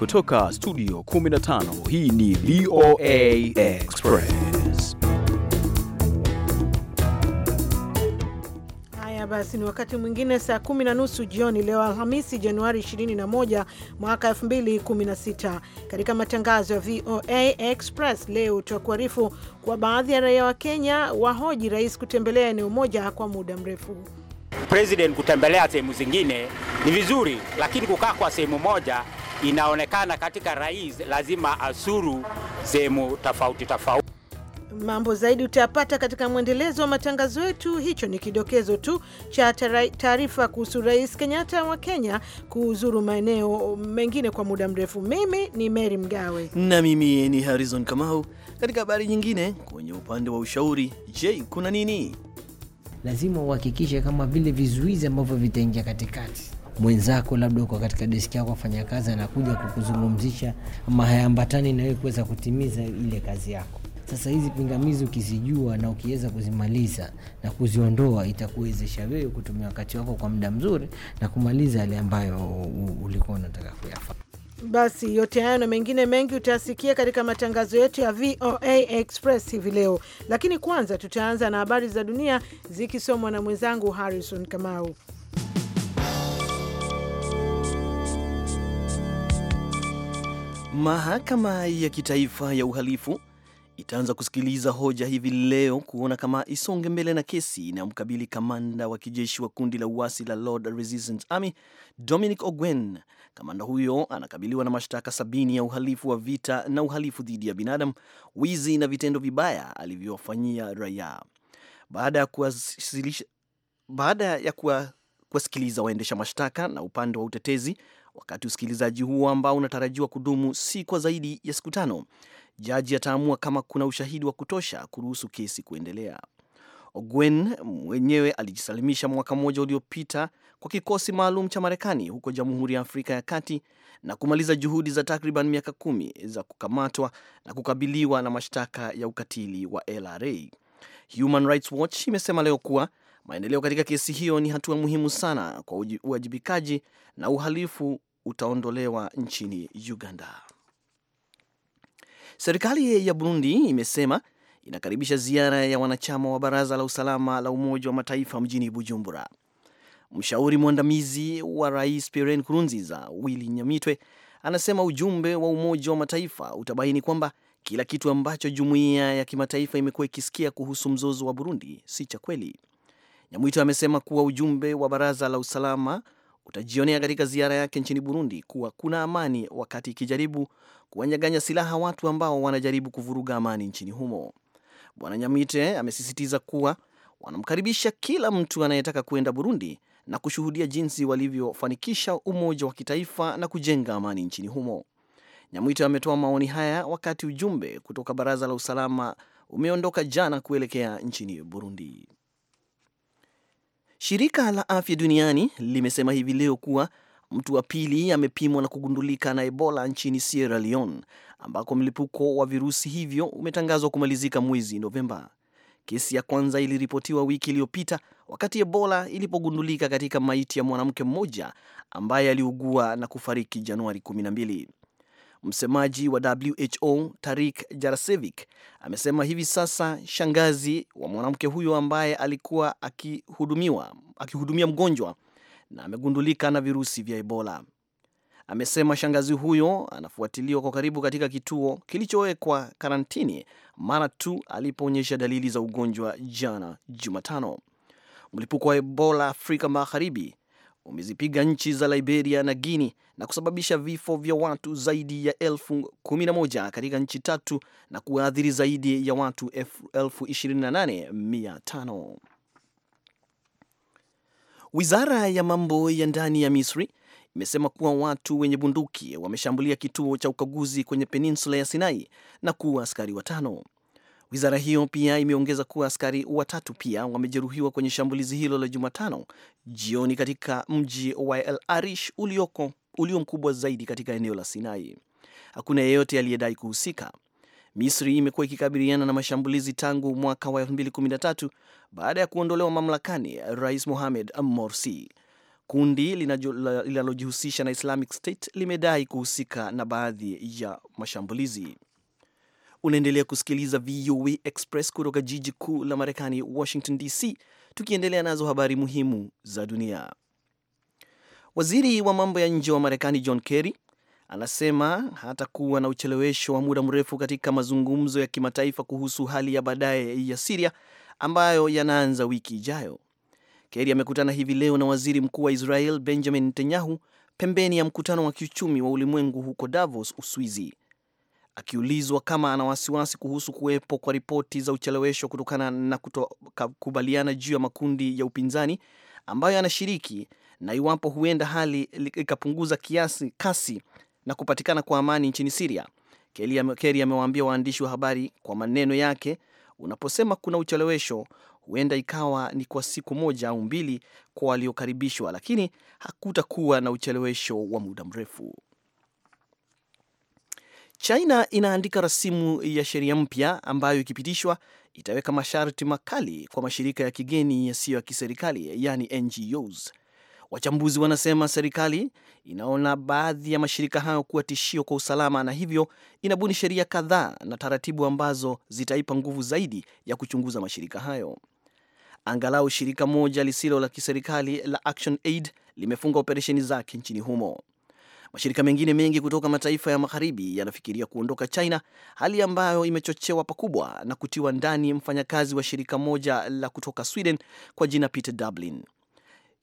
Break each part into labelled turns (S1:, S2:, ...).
S1: Kutoka studio 15 hii ni VOA Express.
S2: Haya basi, ni wakati mwingine saa kumi na nusu jioni leo Alhamisi, Januari 21 mwaka 2016. Katika matangazo ya VOA Express leo tutakuarifu kwa baadhi ya raia wa Kenya wahoji rais kutembelea eneo moja kwa muda mrefu.
S3: President kutembelea sehemu zingine ni vizuri, lakini kukaa kwa sehemu moja inaonekana katika rais lazima asuru sehemu tofauti tofauti.
S2: Mambo zaidi utayapata katika mwendelezo wa matangazo yetu. Hicho ni kidokezo tu cha taarifa kuhusu Rais Kenyatta wa Kenya kuuzuru maeneo mengine kwa muda mrefu. Mimi ni Mary Mgawe na
S1: mimi ni Harrison Kamau.
S2: Katika habari nyingine,
S1: kwenye upande wa ushauri, je, kuna nini?
S4: Lazima uhakikishe kama vile vizuizi ambavyo vitaingia katikati mwenzako labda uko katika deski yako afanya kazi, anakuja kukuzungumzisha ama hayaambatani na wewe kuweza kutimiza ile kazi yako. Sasa hizi pingamizi ukizijua na ukiweza kuzimaliza na kuziondoa, itakuwezesha wewe kutumia wakati wako kwa muda mzuri na kumaliza yale ambayo ulikuwa unataka kuyafanya.
S2: Basi yote hayo na mengine mengi utayasikia katika matangazo yetu ya VOA Express hivi leo, lakini kwanza tutaanza na habari za dunia zikisomwa na mwenzangu Harrison Kamau.
S1: Mahakama ya Kitaifa ya Uhalifu itaanza kusikiliza hoja hivi leo kuona kama isonge mbele na kesi inayomkabili kamanda wa kijeshi wa kundi la uasi la Lord Resistance Army Dominic Ogwen. Kamanda huyo anakabiliwa na mashtaka sabini ya uhalifu wa vita na uhalifu dhidi ya binadamu, wizi na vitendo vibaya alivyowafanyia raia. Baada ya kuwasilisha baada ya kuwa kuwasikiliza waendesha mashtaka na upande wa utetezi Wakati usikilizaji huo ambao unatarajiwa kudumu si kwa zaidi ya siku tano, jaji ataamua kama kuna ushahidi wa kutosha kuruhusu kesi kuendelea. Ogwen mwenyewe alijisalimisha mwaka mmoja uliopita kwa kikosi maalum cha Marekani huko Jamhuri ya Afrika ya Kati na kumaliza juhudi za takriban miaka kumi za kukamatwa na kukabiliwa na mashtaka ya ukatili wa LRA. Human Rights Watch imesema leo kuwa maendeleo katika kesi hiyo ni hatua muhimu sana kwa uwajibikaji na uhalifu utaondolewa nchini Uganda. Serikali ya Burundi imesema inakaribisha ziara ya wanachama wa Baraza la Usalama la Umoja wa Mataifa mjini Bujumbura. Mshauri mwandamizi wa Rais Pierre Nkurunziza, Willy Nyamitwe, anasema ujumbe wa Umoja wa Mataifa utabaini kwamba kila kitu ambacho jumuiya ya kimataifa imekuwa ikisikia kuhusu mzozo wa Burundi si cha kweli. Nyamwito amesema kuwa ujumbe wa Baraza la Usalama utajionea katika ziara yake nchini Burundi kuwa kuna amani wakati ikijaribu kuwanyaganya silaha watu ambao wanajaribu kuvuruga amani nchini humo. Bwana Nyamwite amesisitiza kuwa wanamkaribisha kila mtu anayetaka kuenda Burundi na kushuhudia jinsi walivyofanikisha umoja wa kitaifa na kujenga amani nchini humo. Nyamwite ametoa maoni haya wakati ujumbe kutoka Baraza la Usalama umeondoka jana kuelekea nchini Burundi. Shirika la Afya Duniani limesema hivi leo kuwa mtu wa pili amepimwa na kugundulika na Ebola nchini Sierra Leone ambako mlipuko wa virusi hivyo umetangazwa kumalizika mwezi Novemba. Kesi ya kwanza iliripotiwa wiki iliyopita wakati Ebola ilipogundulika katika maiti ya mwanamke mmoja ambaye aliugua na kufariki Januari Msemaji wa WHO Tarik Jarasevic amesema hivi sasa shangazi wa mwanamke huyo ambaye alikuwa akihudumiwa akihudumia mgonjwa na amegundulika na virusi vya Ebola. Amesema shangazi huyo anafuatiliwa kwa karibu katika kituo kilichowekwa karantini mara tu alipoonyesha dalili za ugonjwa jana Jumatano. Mlipuko wa Ebola Afrika Magharibi umezipiga nchi za Liberia na guini na kusababisha vifo vya watu zaidi ya elfu 11 katika nchi tatu na kuwaathiri zaidi ya watu elfu 28,500. Wizara ya mambo ya ndani ya Misri imesema kuwa watu wenye bunduki wameshambulia kituo cha ukaguzi kwenye peninsula ya Sinai na kuua askari watano. Wizara hiyo pia imeongeza kuwa askari watatu pia wamejeruhiwa kwenye shambulizi hilo la Jumatano jioni katika mji wa El Arish ulioko ulio mkubwa zaidi katika eneo la Sinai. Hakuna yeyote aliyedai kuhusika. Misri imekuwa ikikabiliana na mashambulizi tangu mwaka wa 2013 baada ya kuondolewa mamlakani Rais Mohamed Morsi. Kundi linalojihusisha na Islamic State limedai kuhusika na baadhi ya mashambulizi. Unaendelea kusikiliza VOA Express kutoka jiji kuu la Marekani, Washington DC, tukiendelea nazo habari muhimu za dunia. Waziri wa mambo ya nje wa Marekani John Kerry anasema hata kuwa na uchelewesho wa muda mrefu katika mazungumzo ya kimataifa kuhusu hali ya baadaye ya Siria ambayo yanaanza wiki ijayo. Kerry amekutana hivi leo na waziri mkuu wa Israel Benjamin Netanyahu pembeni ya mkutano wa kiuchumi wa ulimwengu huko Davos, Uswizi. Akiulizwa kama ana wasiwasi kuhusu kuwepo kwa ripoti za uchelewesho kutokana na kutokubaliana juu ya makundi ya upinzani ambayo anashiriki na iwapo huenda hali ikapunguza kiasi kasi na kupatikana kwa amani nchini Siria, Keri amewaambia waandishi wa habari kwa maneno yake, unaposema kuna uchelewesho, huenda ikawa ni kwa siku moja au mbili kwa waliokaribishwa, lakini hakutakuwa na uchelewesho wa muda mrefu. China inaandika rasimu ya sheria mpya ambayo ikipitishwa itaweka masharti makali kwa mashirika ya kigeni yasiyo ya kiserikali yaani NGOs. Wachambuzi wanasema serikali inaona baadhi ya mashirika hayo kuwa tishio kwa usalama, na hivyo inabuni sheria kadhaa na taratibu ambazo zitaipa nguvu zaidi ya kuchunguza mashirika hayo. Angalau shirika moja lisilo la kiserikali la Action Aid limefunga operesheni zake nchini humo. Mashirika mengine mengi kutoka mataifa ya magharibi yanafikiria kuondoka China, hali ambayo imechochewa pakubwa na kutiwa ndani mfanyakazi wa shirika moja la kutoka Sweden kwa jina Peter Dublin.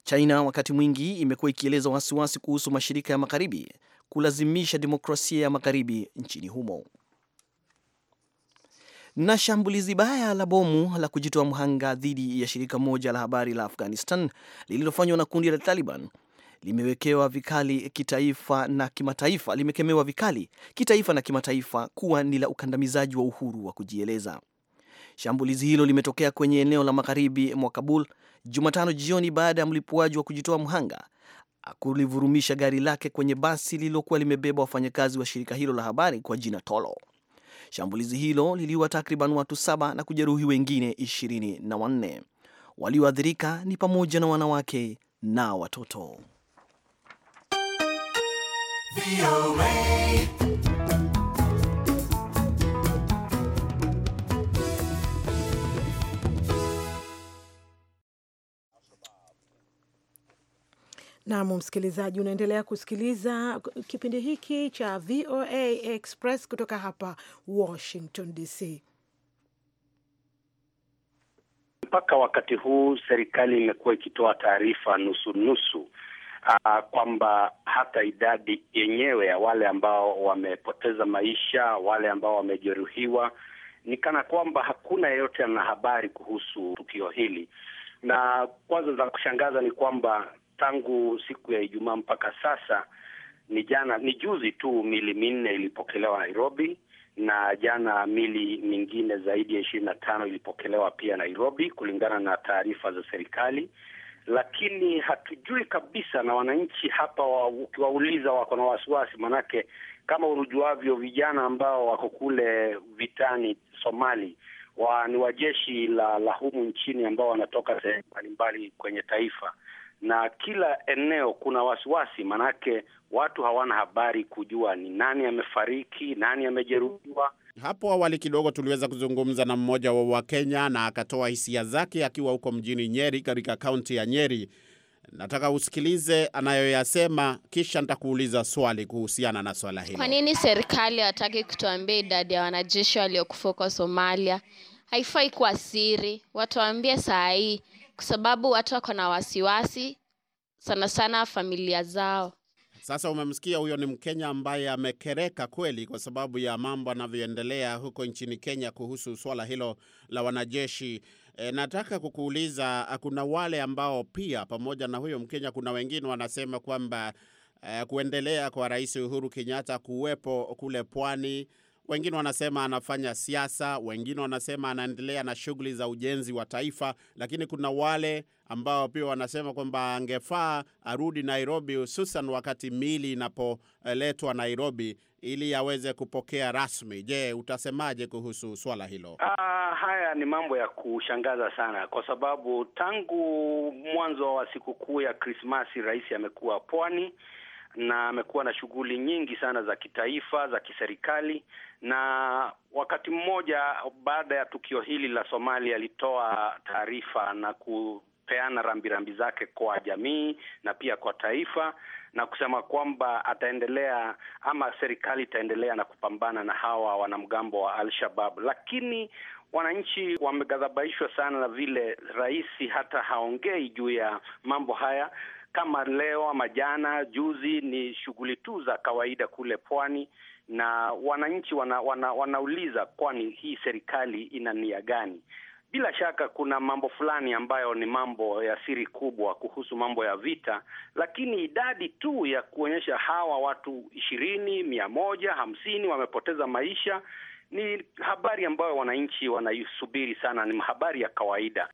S1: China wakati mwingi imekuwa ikieleza wasiwasi kuhusu mashirika ya magharibi kulazimisha demokrasia ya magharibi nchini humo. Na shambulizi baya la bomu la kujitoa mhanga dhidi ya shirika moja la habari la Afghanistan lililofanywa na kundi la Taliban limewekewa vikali kitaifa na kimataifa, limekemewa vikali kitaifa na kimataifa kuwa ni la ukandamizaji wa uhuru wa kujieleza. Shambulizi hilo limetokea kwenye eneo la magharibi mwa Kabul Jumatano jioni baada ya mlipuaji wa kujitoa mhanga kulivurumisha gari lake kwenye basi lililokuwa limebeba wafanyakazi wa shirika hilo la habari kwa jina Tolo. Shambulizi hilo liliua takriban watu saba na kujeruhi wengine ishirini na wanne. Walioathirika ni pamoja na wanawake na watoto.
S2: Nam msikilizaji, unaendelea kusikiliza kipindi hiki cha VOA Express kutoka hapa Washington DC.
S5: Mpaka wakati huu serikali imekuwa ikitoa taarifa nusu nusu uh, kwamba hata idadi yenyewe ya wale ambao wamepoteza maisha, wale ambao wamejeruhiwa, ni kana kwamba hakuna yeyote ana habari kuhusu tukio hili. Na kwanza za kushangaza ni kwamba tangu siku ya Ijumaa mpaka sasa ni jana, ni juzi tu mili minne ilipokelewa Nairobi na jana mili mingine zaidi ya ishirini na tano ilipokelewa pia Nairobi, kulingana na taarifa za serikali lakini hatujui kabisa, na wananchi hapa ukiwauliza wako na wasiwasi, manake kama urujuavyo vijana ambao wako kule vitani Somali wa, ni wajeshi la, la humu nchini ambao wanatoka sehemu mbalimbali kwenye taifa na kila eneo kuna wasiwasi, manake watu hawana habari kujua ni nani amefariki, nani amejeruhiwa
S6: hapo awali kidogo tuliweza kuzungumza na mmoja wa Wakenya na akatoa hisia zake akiwa huko mjini Nyeri katika kaunti ya Nyeri. Nataka usikilize anayoyasema kisha nitakuuliza swali kuhusiana na swala hilo. Kwa
S2: nini serikali hataki kutuambia idadi ya wanajeshi waliokufa Somalia? Haifai kuwa siri, watuambie saa hii, kwa sababu watu wako na wasiwasi, sana sana familia zao.
S6: Sasa umemsikia huyo ni Mkenya ambaye amekereka kweli kwa sababu ya mambo yanavyoendelea huko nchini Kenya kuhusu swala hilo la wanajeshi. E, nataka kukuuliza kuna wale ambao pia pamoja na huyo Mkenya kuna wengine wanasema kwamba e, kuendelea kwa Rais Uhuru Kenyatta kuwepo kule pwani wengine wanasema anafanya siasa, wengine wanasema anaendelea na shughuli za ujenzi wa taifa, lakini kuna wale ambao pia wanasema kwamba angefaa arudi Nairobi, hususan wakati mili inapoletwa Nairobi ili aweze kupokea rasmi. Je, utasemaje kuhusu swala hilo? Ah,
S5: haya ni mambo ya kushangaza sana, kwa sababu tangu mwanzo wa sikukuu ya Krismasi rais amekuwa pwani na amekuwa na shughuli nyingi sana za kitaifa za kiserikali. Na wakati mmoja baada ya tukio hili la Somalia, alitoa taarifa na kupeana rambirambi zake kwa jamii na pia kwa taifa na kusema kwamba ataendelea ama serikali itaendelea na kupambana na hawa wanamgambo wa al shabab lakini wananchi wamegadhabaishwa sana na vile rais hata haongei juu ya mambo haya, kama leo ama jana juzi, ni shughuli tu za kawaida kule pwani, na wananchi wana, wana, wanauliza kwani hii serikali ina nia gani? Bila shaka kuna mambo fulani ambayo ni mambo ya siri kubwa kuhusu mambo ya vita, lakini idadi tu ya kuonyesha hawa watu ishirini, mia moja hamsini wamepoteza maisha ni habari ambayo wananchi wanaisubiri sana, ni habari ya kawaida.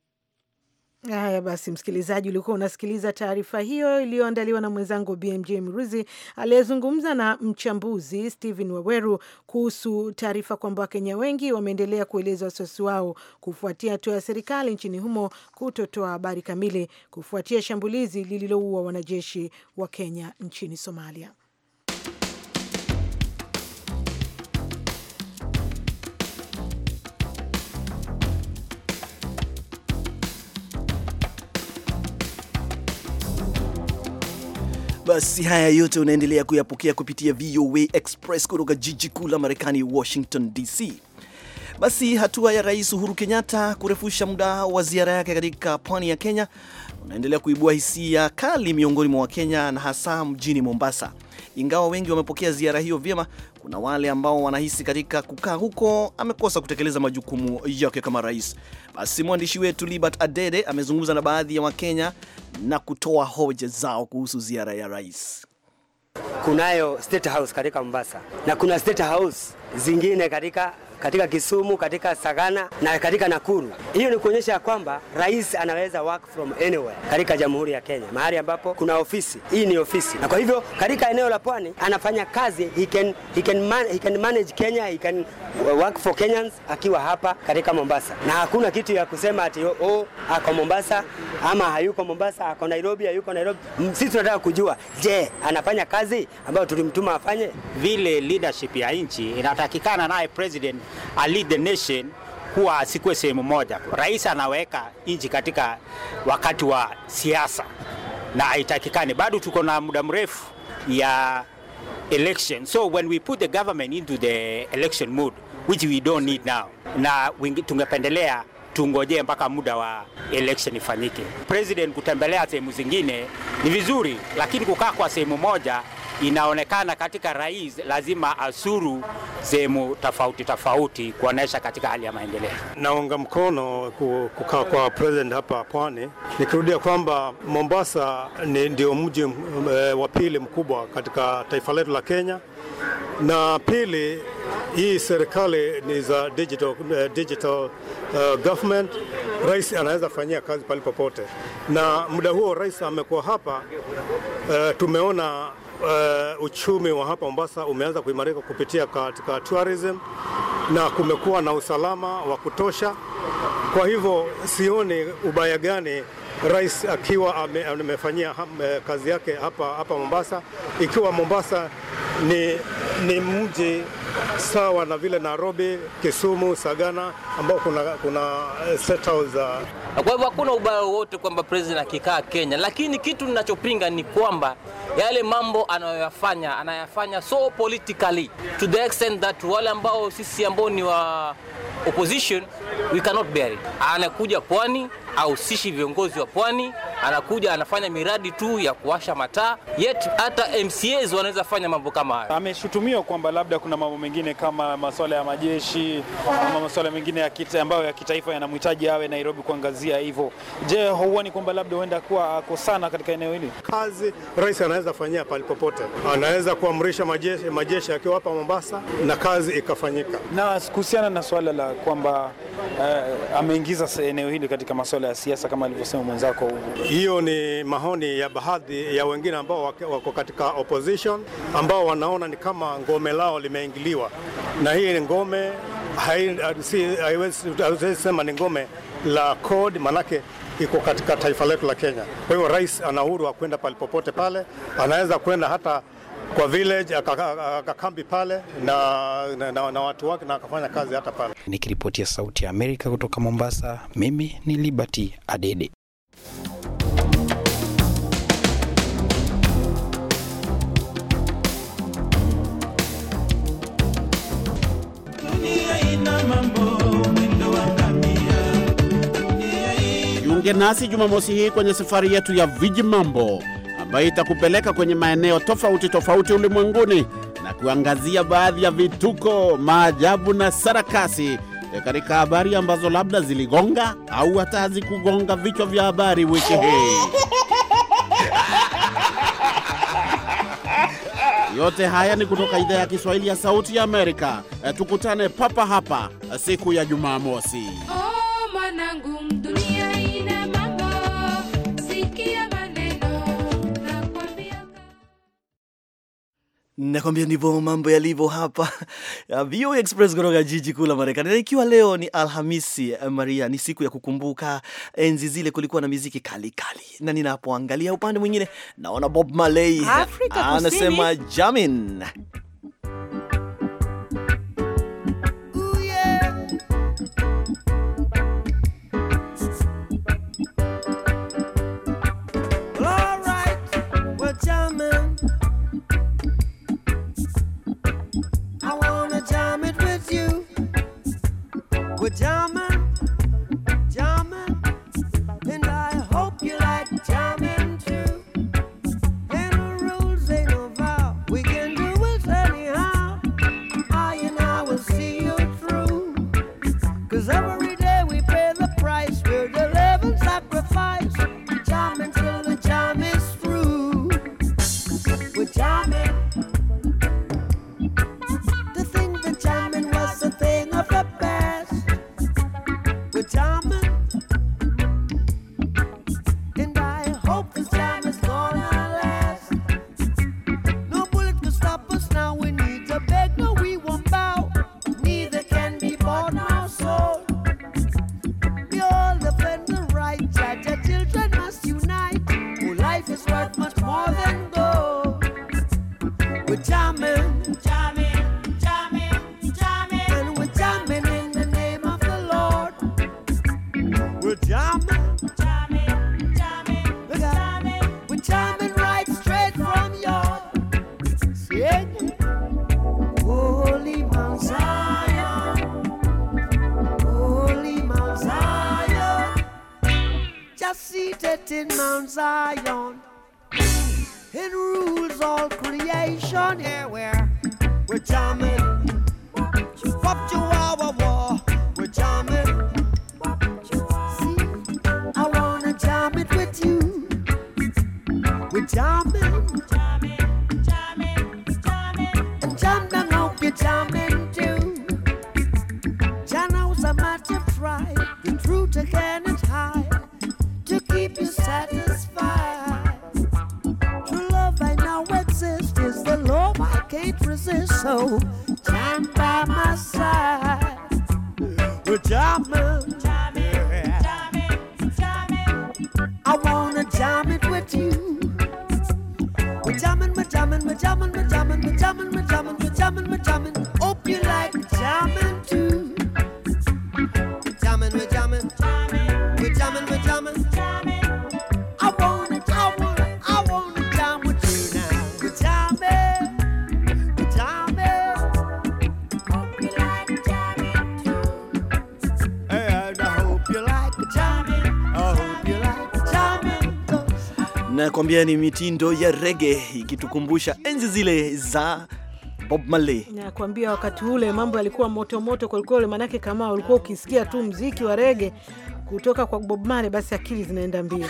S2: Haya basi, msikilizaji, ulikuwa unasikiliza taarifa hiyo iliyoandaliwa na mwenzangu BMJ Mruzi aliyezungumza na mchambuzi Stephen Waweru kuhusu taarifa kwamba Wakenya wengi wameendelea kueleza wasiwasi wao kufuatia hatua ya serikali nchini humo kutotoa habari kamili kufuatia shambulizi lililoua wanajeshi wa Kenya nchini Somalia.
S1: Basi haya yote unaendelea kuyapokea kupitia VOA Express kutoka jiji kuu la Marekani, Washington DC. Basi hatua ya Rais Uhuru Kenyatta kurefusha muda wa ziara yake katika pwani ya Kenya unaendelea kuibua hisia kali miongoni mwa Wakenya na hasa mjini Mombasa. Ingawa wengi wamepokea ziara hiyo vyema, kuna wale ambao wanahisi katika kukaa huko amekosa kutekeleza majukumu yake kama rais. Basi mwandishi wetu Libert Adede amezungumza na baadhi ya Wakenya na kutoa hoja zao kuhusu ziara ya rais. Kunayo State House katika Mombasa na kuna State House zingine
S4: katika katika Kisumu, katika Sagana na katika Nakuru. Hiyo ni kuonyesha kwamba rais anaweza work from anywhere katika Jamhuri ya Kenya, mahali ambapo kuna ofisi. Hii ni ofisi, na kwa hivyo katika eneo la pwani anafanya kazi, he can, he can, man, he can manage Kenya, he can work for Kenyans akiwa hapa katika Mombasa, na hakuna kitu ya kusema ati oh, oh ako Mombasa ama hayuko Mombasa, ako Nairobi, hayuko Nairobi. Sisi tunataka kujua, je, anafanya kazi ambayo tulimtuma afanye?
S3: Vile leadership ya nchi inatakikana, naye president a lead the nation kuwa asikuwe sehemu moja. Rais anaweka nchi katika wakati wa siasa na haitakikani. Bado tuko na muda mrefu ya election, so when we put the government into the election mood which we don't need now, na tungependelea tungojee mpaka muda wa election ifanyike. President kutembelea sehemu zingine ni vizuri, lakini kukaa kwa sehemu moja inaonekana katika rais lazima asuru sehemu tofauti tofauti kuonesha katika hali ya maendeleo.
S7: Naunga mkono kukaa kwa president hapa pwani, nikirudia kwamba Mombasa ni ndio mji eh, wa pili mkubwa katika taifa letu la Kenya, na pili hii serikali ni za digital, eh, digital uh, government. Rais anaweza fanyia kazi pale popote, na muda huo rais amekuwa hapa uh, tumeona uh, uchumi wa hapa Mombasa umeanza kuimarika kupitia katika tourism na kumekuwa na usalama wa kutosha. Kwa hivyo sioni ubaya gani rais akiwa ame, amefanyia eh, kazi yake hapa hapa Mombasa, ikiwa Mombasa ni, ni mji sawa na vile Nairobi, Kisumu, Sagana ambao kuna, kuna eh, settle za
S3: na kwa hivyo hakuna ubaya wote kwamba president akikaa Kenya, lakini kitu ninachopinga ni kwamba yale mambo anayoyafanya anayafanya so politically to the extent that wale ambao sisi ambao ni wa opposition we cannot bear it. Anakuja pwani ahusishi viongozi wa pwani, anakuja anafanya miradi tu ya kuwasha mataa, yet hata MCAs wanaweza fanya mambo kama hayo.
S7: Ameshutumiwa kwamba labda kuna mambo mengine kama masuala ya majeshi ama masuala mengine ya kita, ambayo ya kitaifa yanamhitaji awe Nairobi kuangazia hivyo. Je, huoni kwamba labda huenda kuwa ako sana katika eneo hili? Kazi rais anaweza fanyia palipopote, anaweza kuamrisha majeshi, majeshi akiwa hapa Mombasa na kazi ikafanyika. Na kuhusiana na swala la kwamba uh, ameingiza eneo hili katika masuala masuala ya siasa
S8: kama alivyosema mwenzako.
S7: Hiyo ni maoni ya baadhi ya wengine ambao wako katika opposition ambao wanaona ni kama ngome lao limeingiliwa, na hii ngome haiwezi sema ni ngome la CORD manake iko katika taifa letu la Kenya. Kwa hiyo rais ana uhuru wa kwenda palipopote pale, anaweza kwenda hata kwa village akakambi pale na, na, na, na watu wake na akafanya
S3: kazi hata pale. Nikiripotia Sauti ya Amerika kutoka Mombasa, mimi ni Liberty Adede.
S6: Jiunge nasi Jumamosi hii kwenye safari yetu ya vijimambo ambayo itakupeleka kwenye maeneo tofauti tofauti ulimwenguni na kuangazia baadhi ya vituko, maajabu na sarakasi e, katika habari ambazo labda ziligonga au hata hazikugonga vichwa vya habari wiki hii. Yote haya ni kutoka idhaa ya Kiswahili ya Sauti ya Amerika. E, tukutane papa hapa siku ya Jumamosi.
S2: Oh,
S1: Nakwambia ndivyo mambo yalivyo hapa VOA Express kutoka jiji kuu la Marekani. Na ikiwa leo ni Alhamisi, eh, Maria, ni siku ya kukumbuka enzi zile kulikuwa na miziki kali kali, na ninapoangalia upande mwingine naona Bob Marley anasema jamin
S9: We're diamond sit in Mount Zion and rules all creation. Yeah, we're, we're jamming. Pop by my side. I wanna jam it with you. we we're jamming, we're jamming, we're jamming, we're jamming, we're jamming, we're jamming, we're jamming.
S1: nakwambia ni mitindo ya rege ikitukumbusha enzi zile za Bob Marley.
S2: Nakwambia wakati ule mambo yalikuwa moto moto maanake kweli, manake kama ulikuwa ukisikia tu mziki wa rege kutoka kwa Bob Marley, basi akili zinaenda mbio.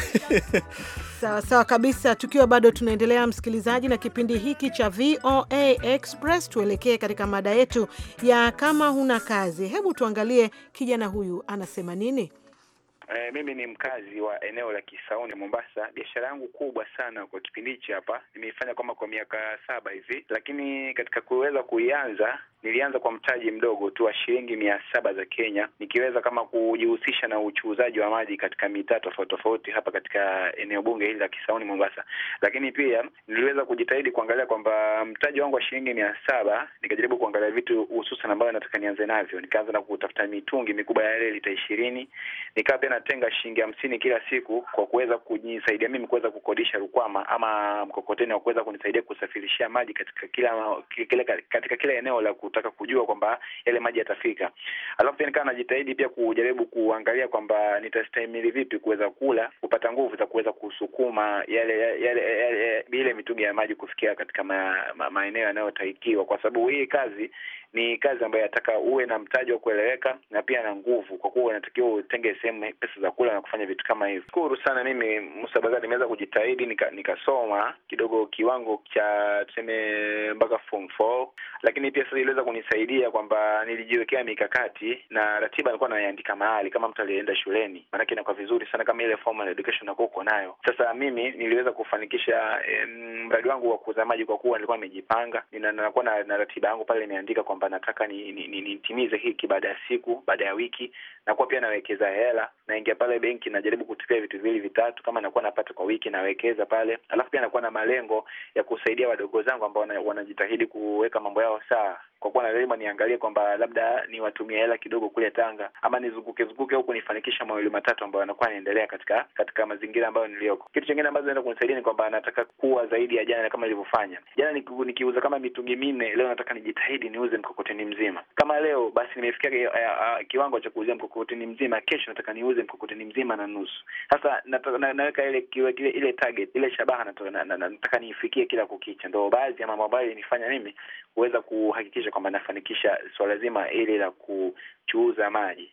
S2: Sawa sawa kabisa, tukiwa bado tunaendelea msikilizaji na kipindi hiki cha VOA Express, tuelekee katika mada yetu ya kama huna kazi. Hebu tuangalie kijana huyu anasema nini.
S8: Eh, mimi ni mkazi wa eneo la Kisauni Mombasa. Biashara yangu kubwa sana kwa kipindi hichi hapa nimeifanya kama kwa miaka saba hivi, lakini katika kuweza kuianza Nilianza kwa mtaji mdogo tu wa shilingi mia saba za Kenya, nikiweza kama kujihusisha na uchuuzaji wa maji katika mitaa tofauti tofauti hapa katika eneo bunge hili la Kisauni Mombasa. Lakini pia niliweza kujitahidi kuangalia kwamba mtaji wangu wa shilingi mia saba nikajaribu kuangalia vitu hususan ambavyo nataka nianze navyo. Nikaanza na kutafuta mitungi mikubwa ya lita ishirini, nikawa pia natenga shilingi hamsini kila siku kwa kuweza kujisaidia mimi kuweza kukodisha rukwama ama mkokoteni wa kuweza kunisaidia kusafirishia maji katika kila, kila, katika kila eneo la kutu kutaka kujua kwamba yale maji yatafika. Alafu pia nikawa najitahidi pia kujaribu kuangalia kwamba nitastahimili vipi kuweza kula, kupata nguvu za kuweza kusukuma yale yale, yale, ile mitungi ya maji kufikia katika ma, ma, maeneo yanayotaikiwa, kwa sababu hii kazi ni kazi ambayo yataka uwe na mtaji wa kueleweka na pia na nguvu, kwa kuwa unatakiwa utenge sehemu pesa za kula na kufanya vitu kama hivyo. Shukuru sana, mimi Musa nimeweza kujitahidi nika, nikasoma kidogo kiwango cha tuseme mpaka form four, lakini pia sasa iliweza kunisaidia kwamba nilijiwekea mikakati na ratiba alikuwa naiandika mahali kama mtu aliyeenda shuleni, maanake inakuwa vizuri sana kama ile formal education nakuwa uko nayo. Sasa mimi niliweza kufanikisha mradi wangu wa kuuza maji kwa kuwa nilikuwa nimejipanga, nakuwa na, na ratiba yangu pale imeandika kwamba kwamba nataka nitimize ni, ni, hiki baada ya siku baada ya wiki, nakuwa pia nawekeza hela, naingia pale benki, najaribu kutupia vitu viwili vitatu, kama nakuwa napata kwa wiki nawekeza pale, alafu pia nakuwa na malengo ya kusaidia wadogo zangu ambao wanajitahidi kuweka mambo yao sawa kwa kuwa lazima niangalie kwamba labda niwatumia hela kidogo kule Tanga ama nizunguke zunguke huku nifanikisha mawili matatu ambayo yanakuwa yanaendelea katika katika mazingira ambayo niliyoko. Kitu chingine ambacho naenda kunisaidia ni kwamba nataka kuwa zaidi ya jana kama nilivyofanya jana. Nikiuza kama mitungi minne, leo nataka nijitahidi niuze mkokoteni mzima kama leo basi nimefikia eh, eh, kiwango cha kuuzia mkokoteni mzima, kesho nataka niuze mkokoteni mzima na nusu. Sasa naweka ile ile ile target, ile shabaha nataka niifikie kila kukicha. Ndio baadhi ya mambo ambayo inifanya mimi kuweza kuhakikisha kwamba nafanikisha swala zima ile la kuchuuza maji.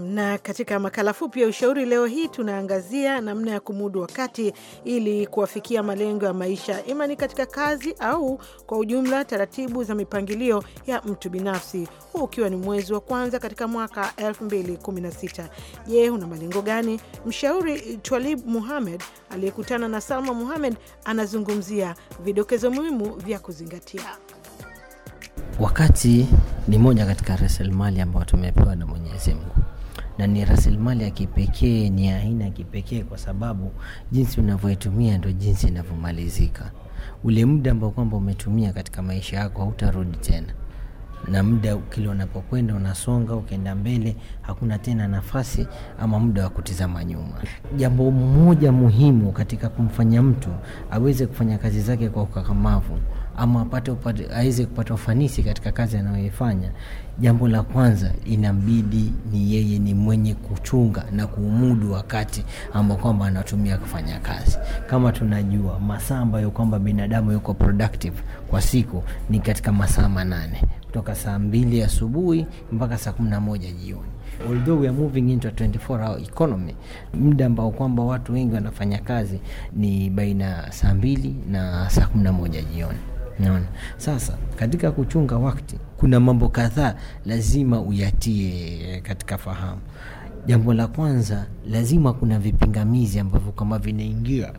S2: Naam, na katika makala fupi ya ushauri leo hii tunaangazia namna ya kumudu wakati ili kuwafikia malengo ya maisha, ima ni katika kazi au kwa ujumla, taratibu za mipangilio ya mtu binafsi, huu ukiwa ni mwezi wa kwanza katika mwaka 2016. Je, una malengo gani? Mshauri Twalib Muhamed aliyekutana na Salma Muhamed anazungumzia vidokezo muhimu vya kuzingatia.
S4: Wakati ni moja katika rasilimali ambayo tumepewa na Mwenyezi Mungu na ni rasilimali ya kipekee, ni aina ya kipekee kwa sababu jinsi unavyoitumia ndo jinsi inavyomalizika. Ule muda ambao kwamba umetumia katika maisha yako hautarudi tena, na muda kile unapokwenda unasonga, ukienda mbele, hakuna tena nafasi ama muda wa kutizama nyuma. Jambo moja muhimu katika kumfanya mtu aweze kufanya kazi zake kwa ukakamavu ama apate aweze kupata ufanisi katika kazi anayoifanya, jambo la kwanza inabidi ni yeye ni mwenye kuchunga na kuumudu wakati ambao kwamba anatumia kufanya kazi. Kama tunajua masaa ambayo kwamba binadamu yuko productive kwa siku ni katika masaa manane kutoka saa mbili asubuhi mpaka saa kumi na moja jioni. Although we are moving into a 24 hour economy, muda ambao kwamba watu wengi wanafanya kazi ni baina ya saa mbili na saa kumi na moja jioni. Naona sasa, katika kuchunga wakati kuna mambo kadhaa lazima uyatie eh, katika fahamu. Jambo la kwanza, lazima kuna vipingamizi ambavyo kama vinaingia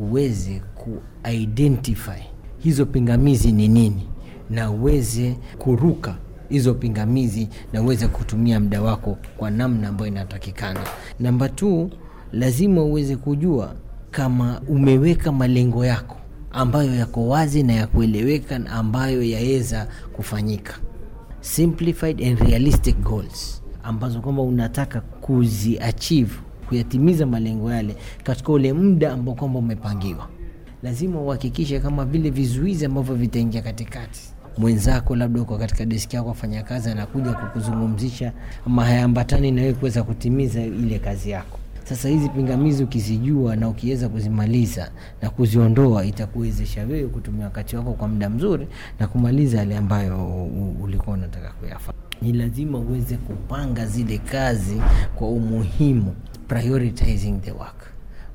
S4: uweze kuidentify hizo pingamizi ni nini, na uweze kuruka hizo pingamizi na uweze kutumia muda wako kwa namna ambayo inatakikana. Namba tu, lazima uweze kujua kama umeweka malengo yako ambayo yako wazi na ya kueleweka na ambayo yaweza kufanyika. Simplified and realistic goals ambazo kwamba unataka kuziachieve kuyatimiza malengo yale katika ule muda ambao kwamba umepangiwa. Lazima uhakikishe kama vile vizuizi ambavyo vitaingia katikati mwenzako labda uko katika deski yako afanya kazi, anakuja kukuzungumzisha ama hayaambatani na wewe kuweza kutimiza ile kazi yako. Sasa hizi pingamizi ukizijua na ukiweza kuzimaliza na kuziondoa, itakuwezesha wewe kutumia wakati wako kwa muda mzuri na kumaliza yale ambayo ulikuwa unataka kuyafanya. Ni lazima uweze kupanga zile kazi kwa umuhimu, prioritizing the work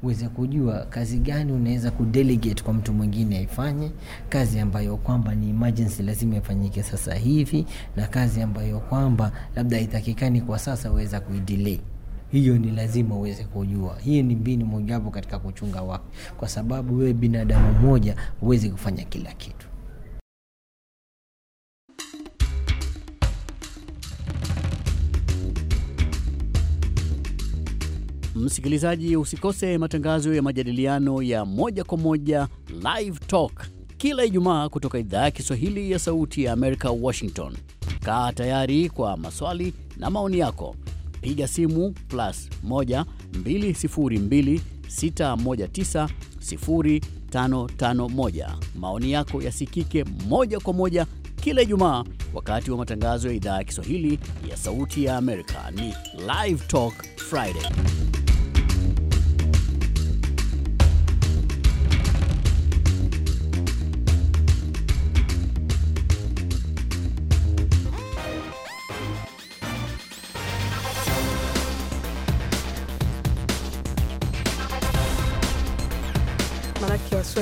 S4: uweze kujua kazi gani unaweza kudelegate kwa mtu mwingine aifanye, kazi ambayo kwamba ni emergency lazima ifanyike sasa hivi, na kazi ambayo kwamba labda haitakikani kwa sasa uweza kuidelay hiyo ni lazima uweze kujua. Hii ni mbinu mojawapo katika kuchunga wake kwa sababu wewe binadamu mmoja huwezi kufanya kila kitu.
S1: Msikilizaji, usikose matangazo ya majadiliano ya moja kwa moja Live Talk kila Ijumaa kutoka idhaa ya Kiswahili ya Sauti ya Amerika, Washington. Kaa tayari kwa maswali na maoni yako piga simu plus 1 202 619 0551. Maoni yako yasikike moja kwa moja kila Ijumaa wakati wa matangazo ya idhaa ya Kiswahili ya Sauti ya Amerika. Ni Live Talk Friday.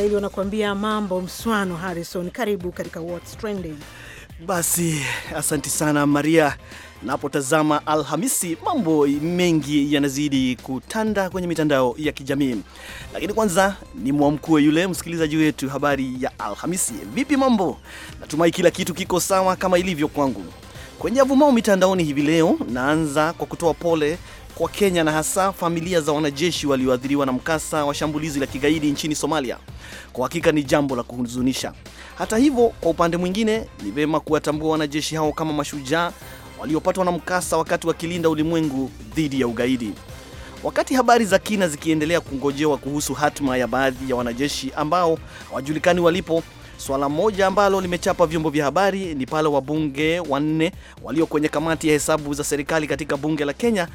S2: Kiswahili wanakuambia mambo mswano. Harrison, karibu katika What's Trending.
S1: Basi asanti sana Maria. Napotazama Alhamisi, mambo mengi yanazidi kutanda kwenye mitandao ya kijamii, lakini kwanza ni mwamkue yule msikilizaji wetu. Habari ya Alhamisi, vipi mambo? Natumai kila kitu kiko sawa kama ilivyo kwangu. Kwenye avumao mitandaoni hivi leo, naanza kwa kutoa pole kwa Kenya na hasa familia za wanajeshi walioathiriwa na mkasa wa shambulizi la kigaidi nchini Somalia. Kwa hakika ni jambo la kuhuzunisha. Hata hivyo, kwa upande mwingine ni vema kuwatambua wanajeshi hao kama mashujaa waliopatwa na mkasa wakati wakilinda ulimwengu dhidi ya ugaidi. Wakati habari za kina zikiendelea kungojewa kuhusu hatima ya baadhi ya wanajeshi ambao hawajulikani walipo, Swala moja ambalo limechapa vyombo vya habari ni pale wabunge wanne walio kwenye kamati ya hesabu za serikali katika bunge la Kenya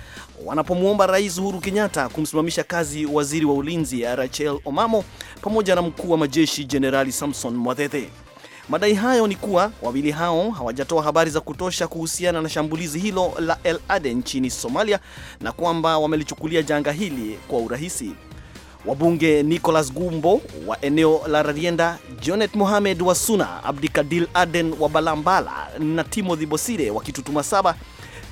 S1: wanapomwomba Rais Uhuru Kenyatta kumsimamisha kazi waziri wa ulinzi Rachel Omamo pamoja na mkuu wa majeshi Jenerali Samson Mwathethe. Madai hayo ni kuwa wawili hao hawajatoa habari za kutosha kuhusiana na shambulizi hilo la El Aden nchini Somalia na kwamba wamelichukulia janga hili kwa urahisi. Wabunge Nicholas Gumbo wa eneo la Rarienda, Jonet Mohamed wa Suna, Abdikadil Aden wa Balambala na Timothy Bosire wa Kitutuma saba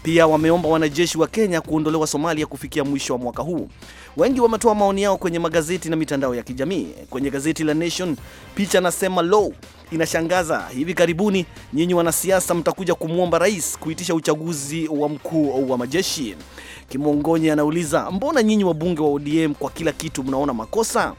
S1: pia wameomba wanajeshi wa Kenya kuondolewa Somalia kufikia mwisho wa mwaka huu. Wengi wametoa maoni yao kwenye magazeti na mitandao ya kijamii. Kwenye gazeti la Nation, picha nasema low inashangaza. Hivi karibuni nyinyi wanasiasa mtakuja kumwomba rais kuitisha uchaguzi wa mkuu wa majeshi. Kimongonyi anauliza mbona nyinyi wabunge wa ODM kwa kila kitu mnaona makosa?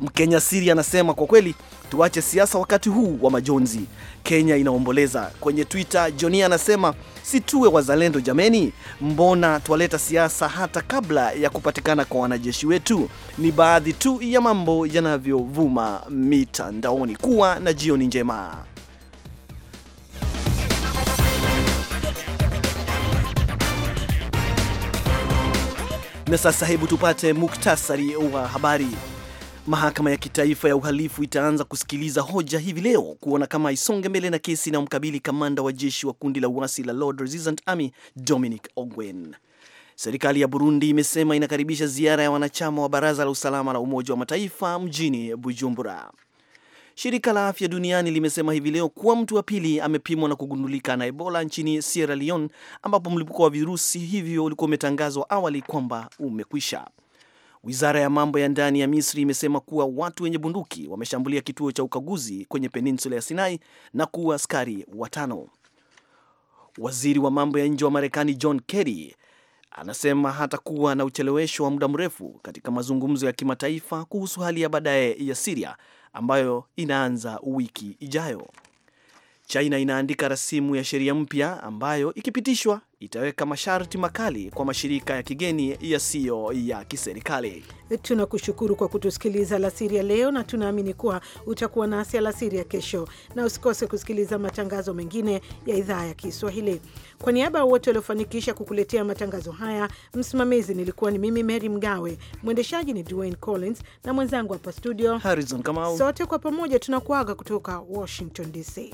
S1: Mkenya Siri anasema kwa kweli tuache siasa wakati huu wa majonzi. Kenya inaomboleza. Kwenye Twitter, Johnny anasema Si tuwe wazalendo jameni? Mbona twaleta siasa hata kabla ya kupatikana kwa wanajeshi wetu? Ni baadhi tu ya mambo yanavyovuma mitandaoni. Kuwa na jioni njema. Na sasa hebu tupate muktasari wa habari. Mahakama ya Kitaifa ya Uhalifu itaanza kusikiliza hoja hivi leo kuona kama isonge mbele na kesi inayomkabili kamanda wa jeshi wa kundi la uasi la Lord Resistant Army Dominic Ongwen. Serikali ya Burundi imesema inakaribisha ziara ya wanachama wa Baraza la Usalama la Umoja wa Mataifa mjini Bujumbura. Shirika la Afya Duniani limesema hivi leo kuwa mtu wa pili amepimwa na kugundulika na Ebola nchini Sierra Leone ambapo mlipuko wa virusi hivyo ulikuwa umetangazwa awali kwamba umekwisha. Wizara ya mambo ya ndani ya Misri imesema kuwa watu wenye bunduki wameshambulia kituo cha ukaguzi kwenye peninsula ya Sinai na kuua askari watano. Waziri wa mambo ya nje wa Marekani John Kerry anasema hatakuwa na uchelewesho wa muda mrefu katika mazungumzo ya kimataifa kuhusu hali ya baadaye ya Siria ambayo inaanza wiki ijayo. China inaandika rasimu ya sheria mpya ambayo ikipitishwa itaweka masharti makali kwa mashirika ya kigeni yasiyo ya kiserikali.
S2: Tunakushukuru kwa kutusikiliza alasiri ya leo, na tunaamini kuwa utakuwa nasi alasiri ya kesho, na usikose kusikiliza matangazo mengine ya idhaa ya Kiswahili. Kwa niaba ya wote waliofanikisha kukuletea matangazo haya, msimamizi nilikuwa ni mimi Mary Mgawe, mwendeshaji ni Dwayne Collins na mwenzangu hapa studio Harrison
S1: Kamau. Sote
S2: kwa pamoja tunakuaga kutoka Washington DC.